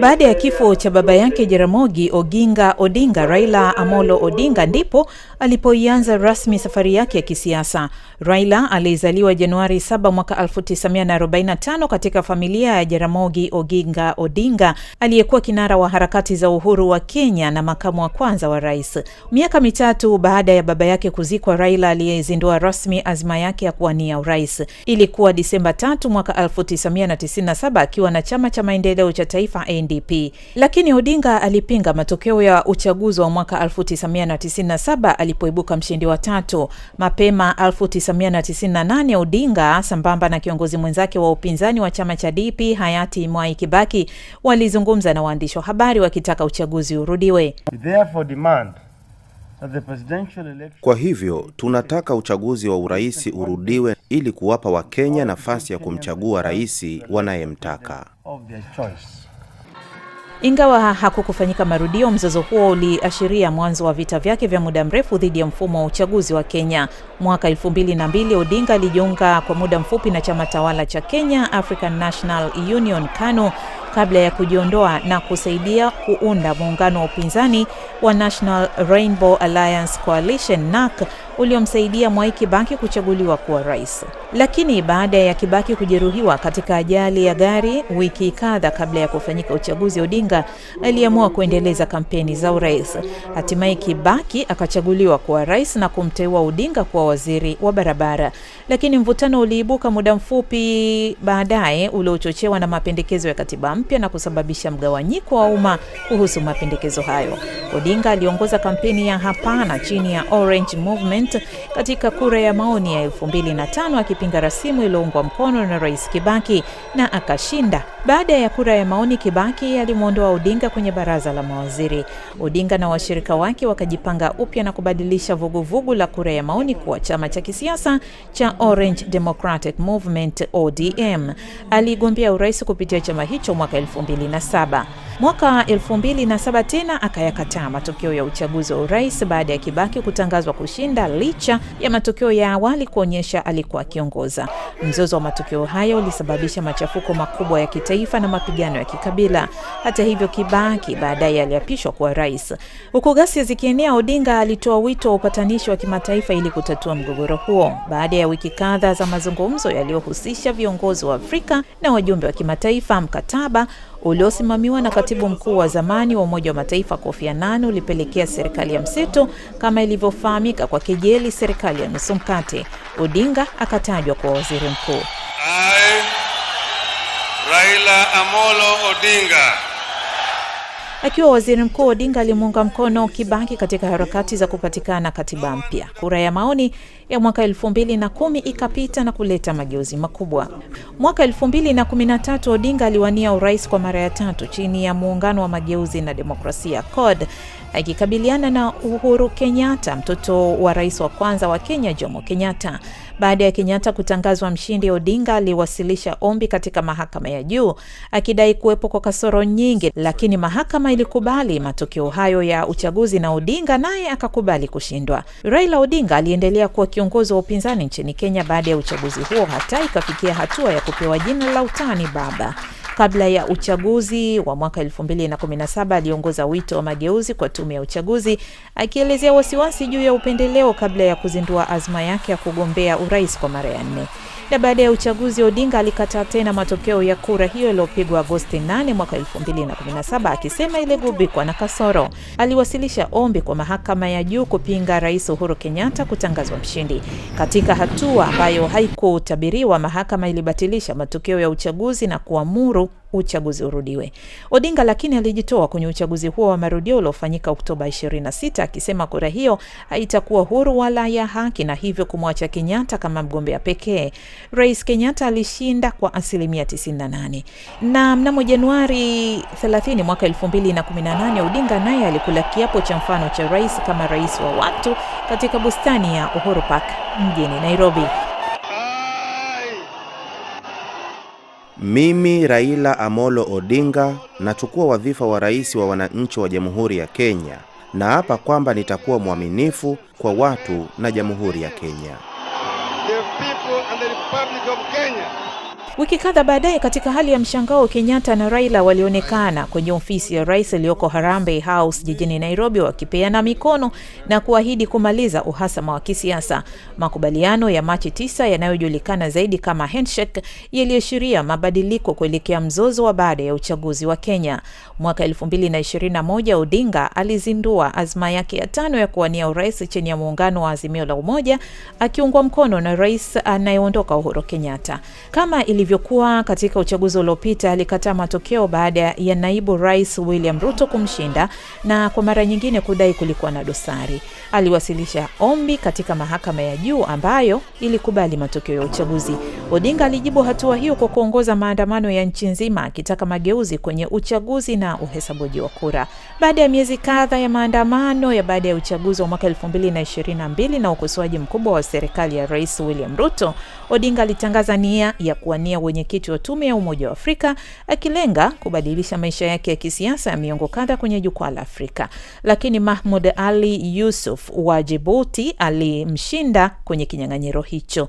Baada ya kifo cha baba yake Jaramogi Oginga Odinga, Raila Amolo Odinga ndipo alipoianza rasmi safari yake ya kisiasa. Raila alizaliwa Januari 7 mwaka 1945 katika familia ya Jaramogi Oginga Odinga aliyekuwa kinara wa harakati za uhuru wa Kenya na makamu wa kwanza wa rais. Miaka mitatu baada ya baba yake kuzikwa, Raila aliyezindua rasmi azma yake ya kuwania urais. Ilikuwa Disemba 3 mwaka 1997 akiwa na chama cha maendeleo cha taifa NDP. Lakini Odinga alipinga matokeo ya uchaguzi wa mwaka 1997 alipoibuka mshindi wa tatu. Mapema 1998 Odinga sambamba na kiongozi mwenzake wa upinzani wa chama cha DP hayati Mwai Kibaki walizungumza na waandishi wa habari wakitaka uchaguzi urudiwe. Kwa hivyo tunataka uchaguzi wa urais urudiwe ili kuwapa Wakenya nafasi ya kumchagua rais wanayemtaka. Ingawa hakukufanyika marudio, mzozo huo uliashiria mwanzo wa vita vyake vya muda mrefu dhidi ya mfumo wa uchaguzi wa Kenya. Mwaka elfu Odinga alijiunga kwa muda mfupi na chama tawala cha Kenya African National Union KANU kabla ya kujiondoa na kusaidia kuunda muungano wa upinzani wa National Rainbow Alliance Coalition NAC uliomsaidia Mwai Kibaki kuchaguliwa kuwa rais. Lakini baada ya Kibaki kujeruhiwa katika ajali ya gari wiki kadha kabla ya kufanyika uchaguzi, Odinga aliamua kuendeleza kampeni za urais. Hatimaye Kibaki akachaguliwa kuwa rais na kumteua Odinga kuwa waziri wa barabara, lakini mvutano uliibuka muda mfupi baadaye uliochochewa na mapendekezo ya katiba mpya na kusababisha mgawanyiko wa umma kuhusu mapendekezo hayo. Odinga aliongoza kampeni ya hapana chini ya Orange Movement Parliament katika kura ya maoni ya 2005 akipinga rasimu iliyoungwa mkono na Rais Kibaki na akashinda. Baada ya kura ya maoni, Kibaki alimwondoa Odinga kwenye baraza la mawaziri. Odinga na washirika wake wakajipanga upya na kubadilisha vuguvugu vugu la kura ya maoni kuwa chama cha kisiasa cha Orange Democratic Movement ODM. Aligombea urais kupitia chama hicho mwaka 2007. Mwaka elfu mbili na saba tena akayakataa matokeo ya uchaguzi wa urais baada ya Kibaki kutangazwa kushinda licha ya matokeo ya awali kuonyesha alikuwa akiongoza. Mzozo wa matokeo hayo ulisababisha machafuko makubwa ya kitaifa na mapigano ya kikabila. Hata hivyo, Kibaki baadaye aliapishwa kuwa rais. Huku ghasia zikienea, Odinga alitoa wito wa upatanishi wa kimataifa ili kutatua mgogoro huo. Baada ya wiki kadhaa za mazungumzo yaliyohusisha viongozi wa Afrika na wajumbe wa kimataifa, mkataba uliosimamiwa na katibu mkuu wa zamani wa Umoja wa Mataifa Kofi Annan ulipelekea serikali ya mseto kama ilivyofahamika kwa kejeli serikali ya nusu mkate. Odinga akatajwa kwa waziri mkuu. I, Raila Amolo Odinga Akiwa waziri mkuu, Odinga alimuunga mkono Kibaki katika harakati za kupatikana katiba mpya. Kura ya maoni ya mwaka elfu mbili na kumi ikapita na kuleta mageuzi makubwa. Mwaka elfu mbili na kumi na tatu Odinga aliwania urais kwa mara ya tatu chini ya muungano wa mageuzi na demokrasia CORD, akikabiliana na Uhuru Kenyatta, mtoto wa rais wa kwanza wa Kenya, Jomo Kenyatta baada ya Kenyatta kutangazwa mshindi, Odinga aliwasilisha ombi katika mahakama ya juu akidai kuwepo kwa kasoro nyingi, lakini mahakama ilikubali matokeo hayo ya uchaguzi na Odinga naye akakubali kushindwa. Raila Odinga aliendelea kuwa kiongozi wa upinzani nchini Kenya baada ya uchaguzi huo, hata ikafikia hatua ya kupewa jina la utani baba. Kabla ya uchaguzi wa mwaka 2017 aliongoza wito wa mageuzi kwa tume ya uchaguzi, akielezea wasiwasi juu ya upendeleo kabla ya kuzindua azma yake ya kugombea urais kwa mara ya nne. Na baada ya uchaguzi, Odinga alikataa tena matokeo ya kura hiyo iliyopigwa Agosti 8 mwaka 2017, akisema iligubikwa na kasoro. Aliwasilisha ombi kwa mahakama ya juu kupinga Rais Uhuru Kenyatta kutangazwa mshindi. Katika hatua ambayo haikutabiriwa, mahakama ilibatilisha matokeo ya uchaguzi na kuamuru uchaguzi urudiwe. Odinga lakini alijitoa kwenye uchaguzi huo wa marudio uliofanyika Oktoba 26 akisema kura hiyo haitakuwa huru wala ya haki na hivyo kumwacha Kenyatta kama mgombea pekee. Rais Kenyatta alishinda kwa asilimia 98, na mnamo Januari 30 mwaka 2018 Odinga naye alikula kiapo cha mfano cha rais kama rais wa watu katika bustani ya Uhuru Park mjini Nairobi. Mimi Raila Amolo Odinga nachukua wadhifa wa rais wa wananchi wa Jamhuri ya Kenya na hapa kwamba nitakuwa mwaminifu kwa watu na Jamhuri ya Kenya. The people and the Republic of Kenya. Wiki kadha baadaye, katika hali ya mshangao, Kenyatta na Raila walionekana kwenye ofisi ya rais iliyoko Harambee House jijini Nairobi, wakipeana mikono na kuahidi kumaliza uhasama wa kisiasa. Makubaliano ya Machi tisa yanayojulikana zaidi kama handshake yaliyoashiria mabadiliko kuelekea mzozo wa baada ya uchaguzi wa Kenya mwaka 2021. Odinga alizindua azma yake ya tano ya kuwania urais chini ya muungano wa Azimio la Umoja, akiungwa mkono na rais anayeondoka Uhuru Kenyatta kama ili ilivyokuwa katika uchaguzi uliopita, alikataa matokeo baada ya naibu rais William Ruto kumshinda na kwa mara nyingine kudai kulikuwa na dosari. Aliwasilisha ombi katika mahakama ya juu ambayo ilikubali matokeo ya uchaguzi. Odinga alijibu hatua hiyo kwa kuongoza maandamano ya nchi nzima akitaka mageuzi kwenye uchaguzi na uhesabuji wa kura. Baada ya miezi kadha ya maandamano ya baada ya uchaguzi wa mwaka 222 na ukosoaji mkubwa wa serikali ya Rais William Ruto, Odinga alitangaza nia ya kuwania wenyekiti wa tume ya Umoja wa Afrika akilenga kubadilisha maisha yake ya kisiasa ya miongo kadha kwenye jukwaa la Afrika, lakini Mahmud Ali Yusuf wa Jibuti alimshinda kwenye kinyang'anyiro hicho.